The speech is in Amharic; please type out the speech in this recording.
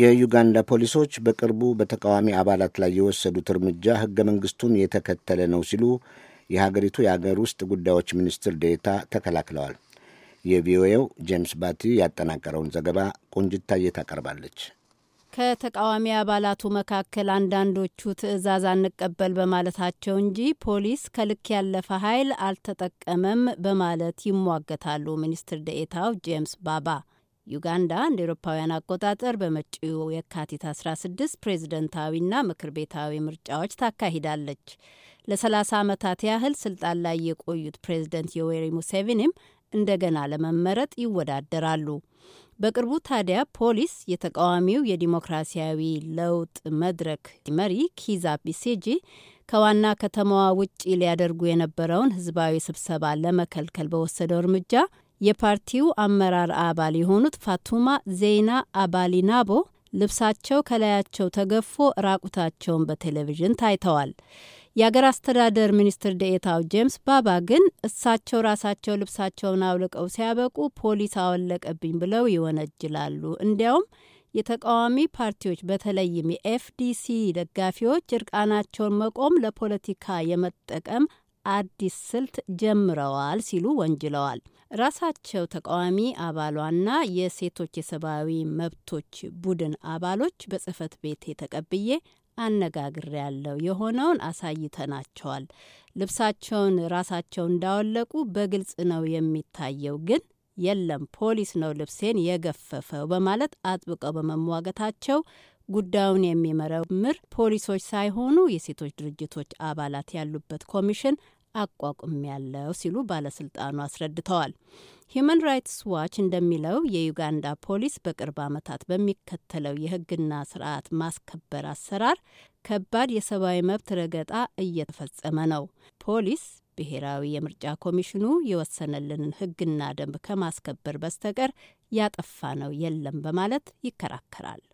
የዩጋንዳ ፖሊሶች በቅርቡ በተቃዋሚ አባላት ላይ የወሰዱት እርምጃ ሕገ መንግሥቱን የተከተለ ነው ሲሉ የሀገሪቱ የአገር ውስጥ ጉዳዮች ሚኒስትር ዴታ ተከላክለዋል። የቪኦኤው ጄምስ ባቲ ያጠናቀረውን ዘገባ ቆንጅታዬ ታቀርባለች። ከተቃዋሚ አባላቱ መካከል አንዳንዶቹ ትዕዛዝ አንቀበል በማለታቸው እንጂ ፖሊስ ከልክ ያለፈ ኃይል አልተጠቀመም በማለት ይሟገታሉ ሚኒስትር ደኤታው ጄምስ ባባ ዩጋንዳ እንደ ኤሮፓውያን አቆጣጠር በመጪው የካቲት 16 ፕሬዝደንታዊና ምክር ቤታዊ ምርጫዎች ታካሂዳለች። ለ30 ዓመታት ያህል ስልጣን ላይ የቆዩት ፕሬዝደንት ዮዌሪ ሙሴቪኒም እንደገና ለመመረጥ ይወዳደራሉ። በቅርቡ ታዲያ ፖሊስ የተቃዋሚው የዲሞክራሲያዊ ለውጥ መድረክ መሪ ኪዛ ቢሴጂ ከዋና ከተማዋ ውጪ ሊያደርጉ የነበረውን ህዝባዊ ስብሰባ ለመከልከል በወሰደው እርምጃ የፓርቲው አመራር አባል የሆኑት ፋቱማ ዜና አባሊናቦ ልብሳቸው ከላያቸው ተገፎ ራቁታቸውን በቴሌቪዥን ታይተዋል። የአገር አስተዳደር ሚኒስትር ደኤታው ጄምስ ባባ ግን እሳቸው ራሳቸው ልብሳቸውን አውልቀው ሲያበቁ ፖሊስ አወለቀብኝ ብለው ይወነጅላሉ። እንዲያውም የተቃዋሚ ፓርቲዎች በተለይም የኤፍዲሲ ደጋፊዎች እርቃናቸውን መቆም ለፖለቲካ የመጠቀም አዲስ ስልት ጀምረዋል ሲሉ ወንጅለዋል። ራሳቸው ተቃዋሚ አባሏና የሴቶች የሰብአዊ መብቶች ቡድን አባሎች በጽህፈት ቤት የተቀብዬ አነጋግሬ ያለው የሆነውን አሳይተናቸዋል። ልብሳቸውን ራሳቸው እንዳወለቁ በግልጽ ነው የሚታየው። ግን የለም ፖሊስ ነው ልብሴን የገፈፈው በማለት አጥብቀው በመሟገታቸው ጉዳዩን የሚመረምር ፖሊሶች ሳይሆኑ የሴቶች ድርጅቶች አባላት ያሉበት ኮሚሽን አቋቁም ያለው ሲሉ ባለስልጣኑ አስረድተዋል። ሂዩማን ራይትስ ዋች እንደሚለው የዩጋንዳ ፖሊስ በቅርብ ዓመታት በሚከተለው የሕግና ስርዓት ማስከበር አሰራር ከባድ የሰብአዊ መብት ረገጣ እየተፈጸመ ነው። ፖሊስ ብሔራዊ የምርጫ ኮሚሽኑ የወሰነልንን ሕግና ደንብ ከማስከበር በስተቀር ያጠፋ ነው የለም በማለት ይከራከራል።